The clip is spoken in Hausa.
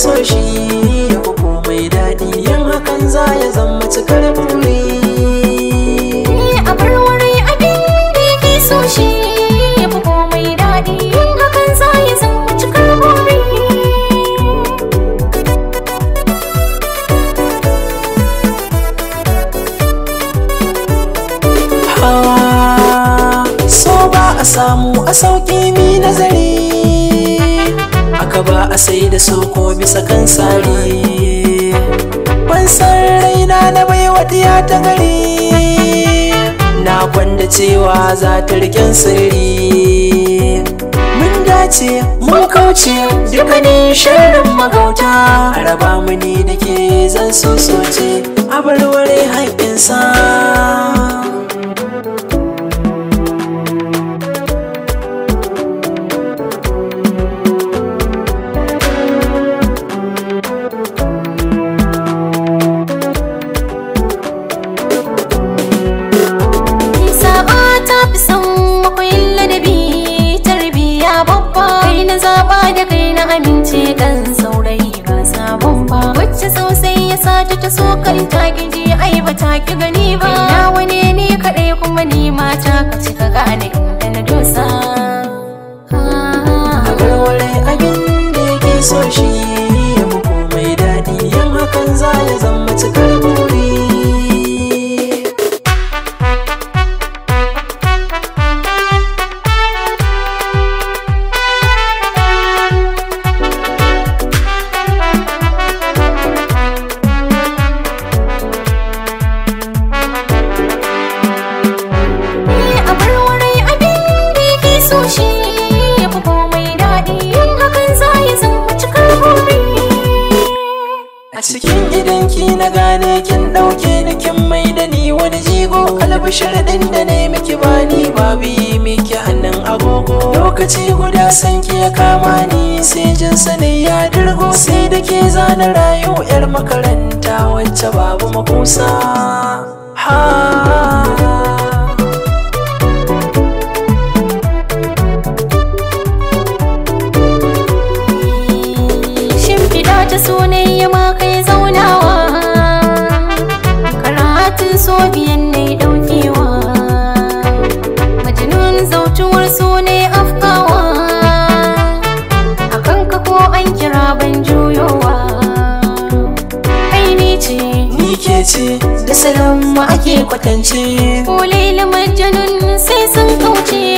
so shi ya mai daɗi yin hakan za ya zama cikar buri mai daɗi yin hakan za ya zama cikar buri hawa so ba a samu a sauƙi mi nazari ba a sai da sauko bisa kan sari ban san raina na bai wadiya ta gari na kwanda cewa za ta riken sirri mun dace mun kauce dukkanin shirin magauta raba muni da ke zan so soce a barwar ba wacce sosai ya sace ta so kai ta giji ai ba ta ki gani ba ina wani ne kadai kuma ni mata ka cika gane inda na dosa a ah, garware ah, ah. abin da ke so shi na gane kin ɗauke ni kin mai da ni wani jigo kalbishir ɗin da ne miki bani ba biyi miki hannun agogo lokaci guda san ki ya kama ni sai jin sani ya dirgo sai da ke zana rayu yar makaranta wacce babu makusa ha ta sunan so biyan ne daukewa majnun zautuwar su ne afkawa akan ka ko an kira ban juyowa kai ni ce ni ke ce da salon ake kwatance ko laila majnun sai sun kauce